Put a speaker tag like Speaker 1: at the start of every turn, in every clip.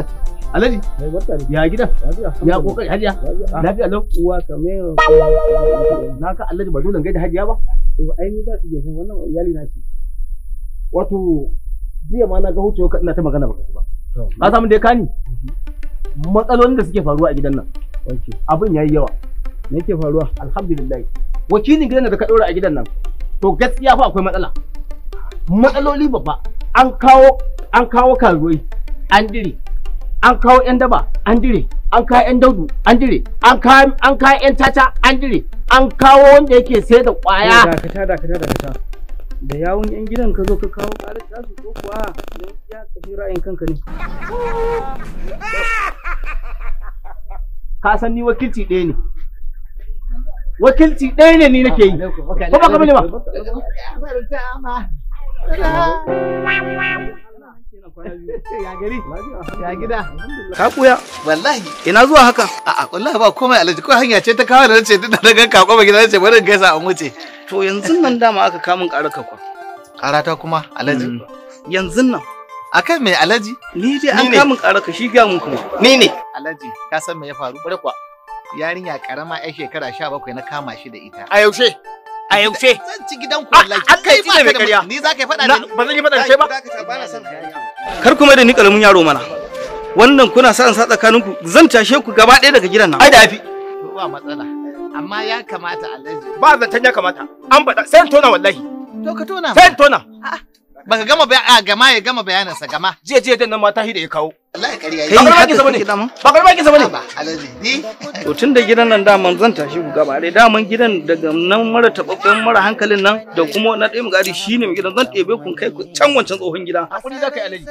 Speaker 1: barakatu alhaji
Speaker 2: eh, ya gida
Speaker 1: ya kokari hajiya lafiya
Speaker 2: lau uwa ka na ka alhaji ba dole gaida hajiya ba to ai ni za su je wannan iyali na ce wato jiya ma na ga hucewa ka ina ta magana baka ci ba ka samu dai kani mhm. matsalolin da suke faruwa a gidan nan abin ya yi yawa me yake faruwa alhamdulillah wakilin gidan da ka ɗora a gidan nan to gaskiya fa akwai matsala matsaloli babba an kawo an kawo karuwai an diri. an kawo 'yan
Speaker 1: daba an dire an kawo 'yan daudu an dire an kawo 'yan tata an dire an kawo wanda yake sai da kwaya dakata
Speaker 2: dakata dakata da yawun 'yan gidan ka zo ka kawo ƙarar tasu ko kuwa don ya kashin ra'ayin kanka ne ka san ni wakilci ɗaya ne wakilci
Speaker 1: ɗaya ne ni nake yi ko ba ka bane ba Ya gida? Ka kuya? Wallahi. Ina zuwa haka? A'a wallahi ba komai alaji ko hanya ce ta kawo da nace tunda na ganka ko ba gida nace bari in gaisa an wuce. To yanzu nan dama aka kamun ƙara kakwa. Karata kuma alaji. Mm. Yanzu nan. Akan me alaji? Ni dai an kamun karaka shi ga mun kuma. Ni ne. Alaji ka san me ya faru? Bare kwa. Yarinya karama 'yar shekara 17 na kama shi da ita. A yaushe? a yaushe zan ci gidan ba zan yi faɗa da kai ba
Speaker 2: kar kuma da ni yaro mana wannan kuna sa sa tsakanin ku zan tashe ku gaba ɗaya daga gidan nan ai da yafi
Speaker 1: ba matsala amma ya kamata alhaji ba zan ya kamata an faɗa sai tona wallahi to ka tona sai tona a'a Baka gama a ah, gama ya gama bayaninsa gama. Jiya jiya din nan mata hida ya kawo. Allah ya kariya. Ba karma ki zama Ba ki zama ne. Alhaji ni.
Speaker 2: To tun da gidan nan daman zan tashi ku gaba dai daman gidan daga nan mara tababben mara hankalin nan da kuma na ɗaya gari shine mai gidan zan ɗebe kun kai ku can wancan tsohon gida.
Speaker 1: Hakuri za ka yi alhaji.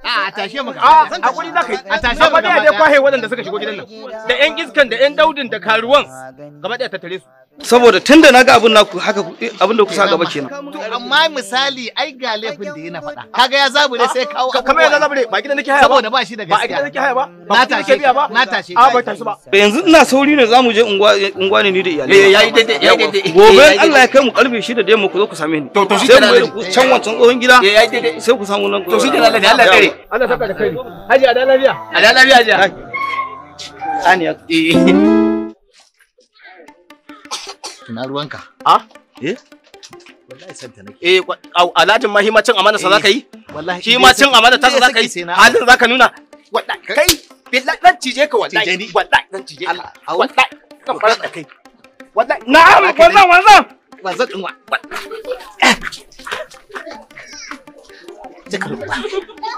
Speaker 1: A tashe mu A hakuri za ka A tashe mu gaba. Gaba dai
Speaker 2: kwahe waɗanda suka shigo gidan nan. Da 'yan iskan da 'yan daudin da karuwan gaba ɗaya tattare su. saboda tunda naga abin naku haka eh, abin da ku sa gaba kenan
Speaker 1: to amma misali ai ga laifin da yana faɗa kaga ya zabure sai kawo kamar ya zabure ba gidan nake haya ba saboda ba shi da gaskiya ba gidan nake haya ba na tashi ba na tashi a ba tashi ba
Speaker 2: yanzu ina sauri ne zamu je unguwa eh, unguwa ne ni da iyali eh yayi daidai yayi daidai gobe Allah ya kai mu karfe shi da dai mu ku zo ku same ni to to shi ku can wancan tsohon gida eh yayi daidai sai ku samu nan to shi kenan Allah ya kare
Speaker 1: Allah saka da kai haji a da lafiya a lafiya
Speaker 2: haji ani eh Ina ruwanka? A? Eh?
Speaker 1: Wallahi santa nake.
Speaker 2: Eh, alhajin ma amana
Speaker 1: sa zaka yi? Wallahi. cin amana ta zaka yi? Halin zaka nuna? Wallahi kai billahi dan cije ka wallahi. Wallahi dan cije ka. Wallahi Ka fara da kai. Wallahi na'am wannan wannan. Wannan din wa. Eh.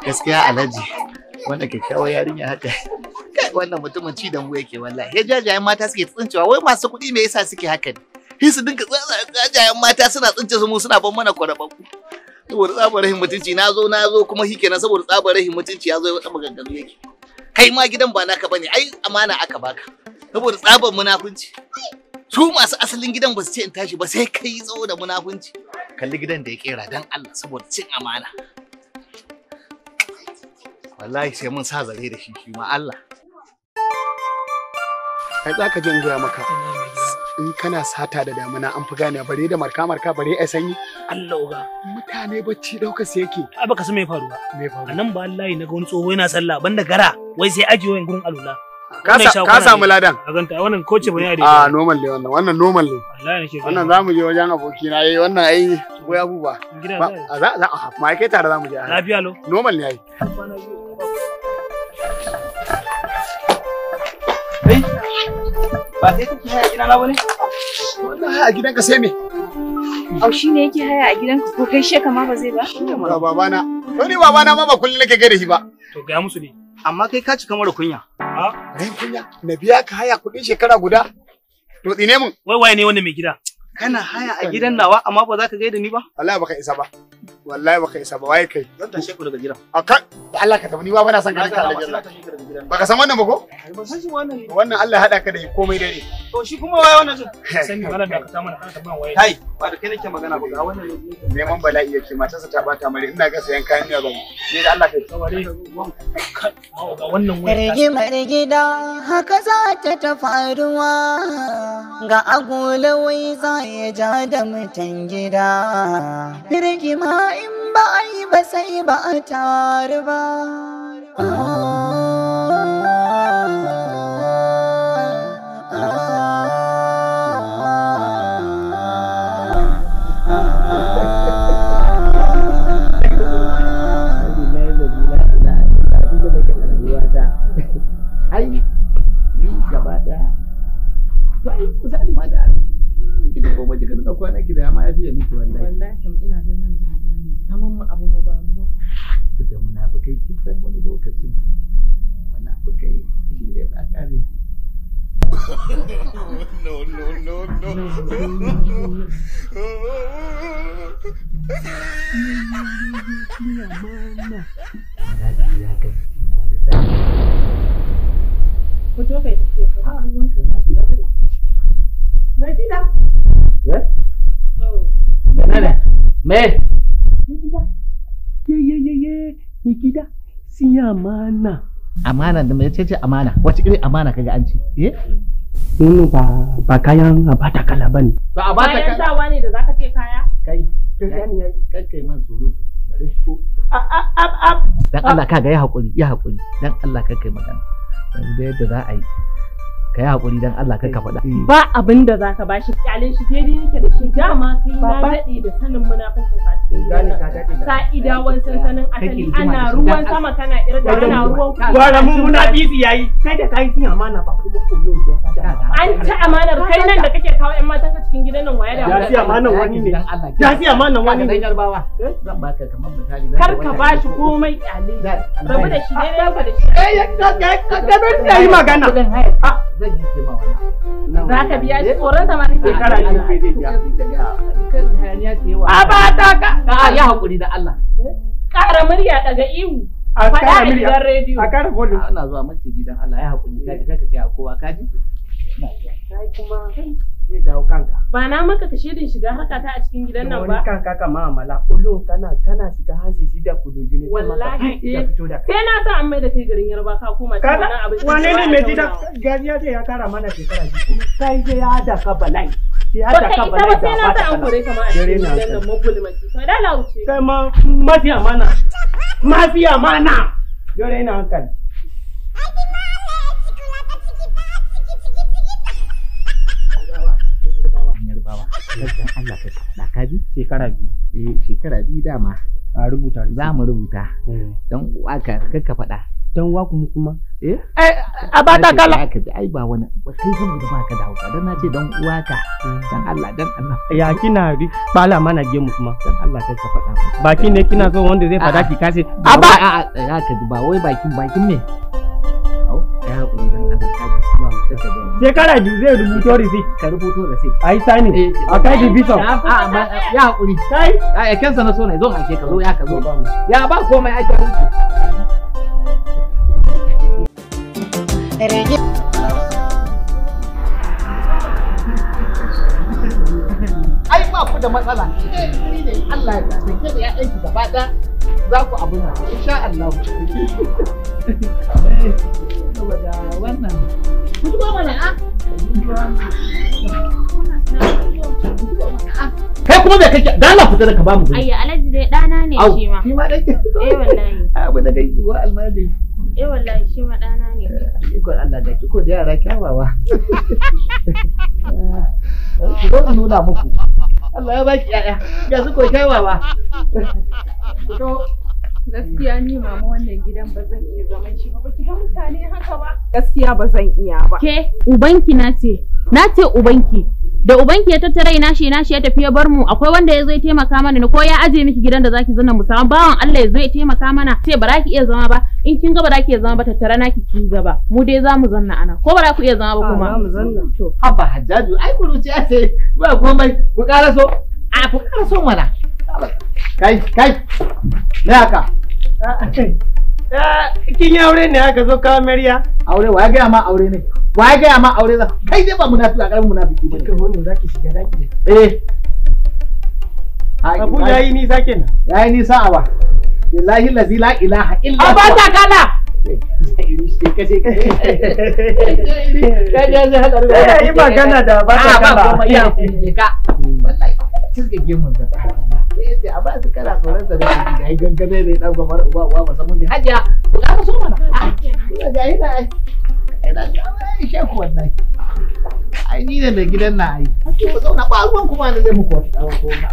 Speaker 1: Gaskiya Alhaji wannan kyakkyawar yarinya haka. Wannan mutumin ci da mu yake wallahi. Ya jajayen mata suke tsincewa wai masu kuɗi me yasa suke haka ne? Hi su dinka tsajayen mata suna tsince su mu suna ban mana kwarabaku. Saboda tsabar rahin mutunci na zo na zo kuma shi na, saboda tsabar rahin mutunci ya zo ya wata maganganu yake. Kai ma gidan ba naka bane ai amana aka baka. Saboda tsabar munafunci. Su masu asalin gidan ba su ce in tashi ba sai kai zo da munafunci. Kalli gidan da ya kera dan Allah saboda cin amana. Wallahi sai mun sa zare da shi shi ma Allah. Kai za ka jin gaya maka. in kana sata da damuna an fi gane bare da marka marka bare a sanyi Allah uga mutane bacci dauka
Speaker 2: su yake a baka su mai faruwa mai faruwa anan ba Allah na ga wani tsoho yana sallah banda gara wai sai aje wayan gurin alula ka samu ladan a ganta wannan koce bane a normal ne wannan wannan normal
Speaker 1: ne wannan zamu je wajen aboki na yayi eh, wannan ai goya buba za za a ma kai tare zamu je lafiya lo normal ne ai
Speaker 2: Ba sai kake haya gidana ba ne?
Speaker 1: Wannan haya gidanka sai me? Au shi ne yake haya a gidanka ko kai sheka ma ba zai ba? Shi ne
Speaker 2: mara Ni babana ma ba kullum nake gaida shi ba. To ga musu ne. Amma kai ka cika mara kunya. A? Rai kunya. Na biya ka haya kuɗin shekara guda. To tsine mun. Wai waye ne wannan mai gida? Kana
Speaker 1: haya a gidan
Speaker 2: nawa amma ba za ka gaida ni ba? Wallahi baka isa ba. Wallahi baka isa ba waye kai. Zan tashe ku daga gidan. A kan Allah ka tafi ni ba bana son ka daga aljanna. Baka san wannan ba ko? Wannan Allah haɗa ka da komai dare. To shi kuma waye wannan sun? Sani malam da ka ta mana kana waye. Hai, ba da kai nake magana ba ga wannan neman bala'i yake matarsa ta bata mare
Speaker 1: ina ga sayan kayan miya ba. Ne da Allah kai Ga wannan waye. Rige
Speaker 2: marige da haka za ta ta faruwa. Ga agola wai za ya ja da mutan gida. ma in ba a yi ba sai ba a taru ba.
Speaker 1: no, no, no, no. da wata. Mai amana. Amana da mai ce amana. Wace irin amana kaga an ce? Eh? Wannan ba ba kayan a bata kala bane. Ba a bata kala. Kayan sawa ne da zaka ce kaya? Kai. Kai kai man surutu. Dan Allah ka ga ya hakuri, ya hakuri. Dan Allah ka kai magana. Dan da yadda za a yi. Ka yi hakuri dan Allah ka ka faɗa. Eh. Ba abin da zaka bashi. Kyalin
Speaker 2: shi daidai yake da shi dama kai na daɗe da sanin munafincin ka. sa'idawan sansanin asali ana ruwan sama kana irga ana ruwan kuma gwara mun muna yayi
Speaker 1: kai da kai sun amana ba kuma an ci amanar kai nan da kake
Speaker 2: kawo yan matan ka
Speaker 1: cikin gidan nan waya da ya fi amanar wani ne ya amanar wani ne dan zan baka kamar misali kar ka bashi komai kyale rabu da shi ne rabu da shi eh ka ga ka ga da yi magana zan yi ma wannan za ka biya shi tsoron sama a ba ta ka a ya hakuri da Allah eh? ƙara murya daga ihu a ƙara murya a rediyo a ƙara volume ana zuwa mace gidan Allah ya hakuri kaji kanka kai a kowa kaji kai kuma zai dawo kanka ba na maka ka shirin shiga haka ta a cikin gidan nan ba wani kanka ka ma'amala kullum kana kana shiga hansi da kudin wallahi sai na sa an mai da kai garin yarba ka koma cikin wannan abin wane ne mai jida ya ce ya kara mana shekara biyu sai dai ya da ka bala'i ya da ka an da ba ta kana dare na ta magulmaci to da lauce kai ma mafiya amana.
Speaker 2: mafiya amana. dare na hankali
Speaker 1: dan Allah ka faɗa ka bi shekara biyu eh shekara biyu dama a rubuta za mu rubuta eh. dan uwa ka ka faɗa dan uwa kuma kuma eh, eh
Speaker 2: a ba ta kala ka
Speaker 1: ji ai ba wani ba sai kai saboda ba ka da hauka dan na ce dan uwa ka eh. dan Allah dan Allah ya kina bi bala mana ge mu kuma dan Allah ka ka faɗa baki ne kina so wanda zai faɗa ki kace a ba a a ka ji ba wai bakin bakin ne au ya ku dan Allah ka ji ba mu ka shekara biyu
Speaker 2: zai rubuto receipt ka rubuto receipt a sani
Speaker 1: eh, a kai da bishop a ba ya hakuri kai a yakin sa na so ne zo ka ka zo ya ka zo ya ba komai a kan ai ba ku da matsala Allah ya da ke da ya aiki gaba ɗaya za ku abu na insha Allah wannan Ah? Kai kuma me kake fita da ka bamu gani. Ayya Alhaji dai dana ne shi ma. Shi ma dai. Eh wallahi. Abu da dai wa almajiri. Eh wallahi shi ma dana ne. Eh, iko Allah da kiko da yara kyawawa. Eh, nuna muku. Allah ya baki yaya. Ga su ko kyawawa. Gaskiya ni mama wannan gidan ba zan iya zaman shi ba. ki ga mutane haka ba. Gaskiya ba zan iya ba. Ke ubanki na ce. Na ce ubanki. Da ubanki ya tattara ina shi ina shi ya tafi ya bar mu akwai wanda ya zo ya taimaka mana ne ko ya aje miki gidan da zaki zanna mu samu bawan Allah ya zo ya taimaka mana ce ba za ki iya zama ba in kin ga ba za ki iya zama ba tattara na ki ga ba. mu dai za mu zanna ana ko ba za ku iya zama ba kuma. Za mu zanna. To. haba Hajjaju ai ku ce a ce ba komai ku ƙara so. A ku ƙara so mana. kai kai me haka ah, ah, kin yi aure ne haka zo kawo mariya aure wa ya gaya ma aure ne wa ya gaya ma aure za kai dai ba munafiki a karamin munafiki ba kai wannan zaki shiga daki eh abu yayi ni zaki na yayi ni sa'a ba billahi lazi la ilaha illa huwa abata kala eh, Yi magana da ba ta ah, kala. Ba kuma iya kuma ka. Wallahi, cizgage mun zaka. ce eh, a ba su kana tsoron da shi ga gangane da ya dauka mara uba uba musamman da hajiya ku ka so mana kuma ah, ga yana ai ina ga ai sheku wannan ai ni ne mai gidan na ai to zauna ba ruwan kuma ne zai muku wata ko na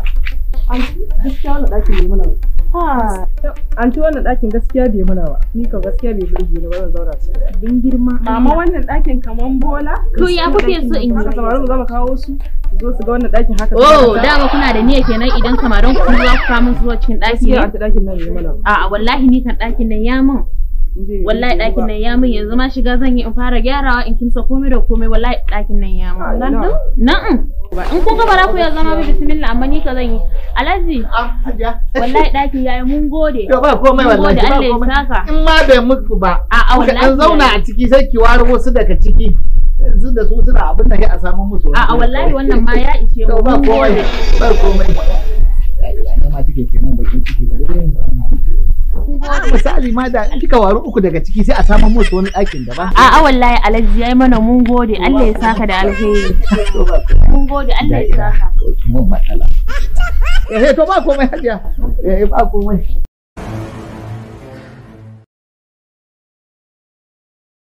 Speaker 1: gaskiya wannan ɗakin bai mana ba. An ci wannan ɗakin gaskiya bai mana ba. Ni kan gaskiya bai burge ni ba zan zauna su. Din girma.
Speaker 2: Amma wannan ɗakin kaman bola. To ya kuke so in yi? Haka samarin za kawo su. Zo su ga wannan ɗakin haka. Oh dama kuna da niyya
Speaker 1: kenan idan samarin ku za ku kawo zuwa cikin ɗakin ne. ɗakin nan bai mana ba. A'a wallahi ni kan ɗakin nan ya min. wallahi ɗakin nan ya min yanzu ma shiga zan yi in fara gyarawa in kimsa komai da komai wallahi ɗakin nan ya min. Nan. in kun ga bara ku ya zama bi bismillah amma ni ka zan yi alaji ah, wallahi daki yayi mun gode to ba komai wallahi ba komai in ma bai muku ba a wallahi an zauna a ciki sai ki waro wasu daga ciki da su suna abin da sai a samu musu a wallahi wannan ma ya ishe mu ba komai ba komai ba ma take mun bakin ciki ba misali ma da kika waro uku daga ciki sai a samu musu wani ɗakin da ba. A'a wallahi alhaji yayi mana mun gode Allah ya saka da alheri mun gode Allah ya saka mun matsala eh to ba komai hajiya eh ba komai